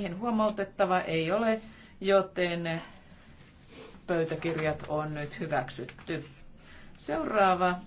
Siihen huomautettava ei ole, joten pöytäkirjat on nyt hyväksytty. Seuraava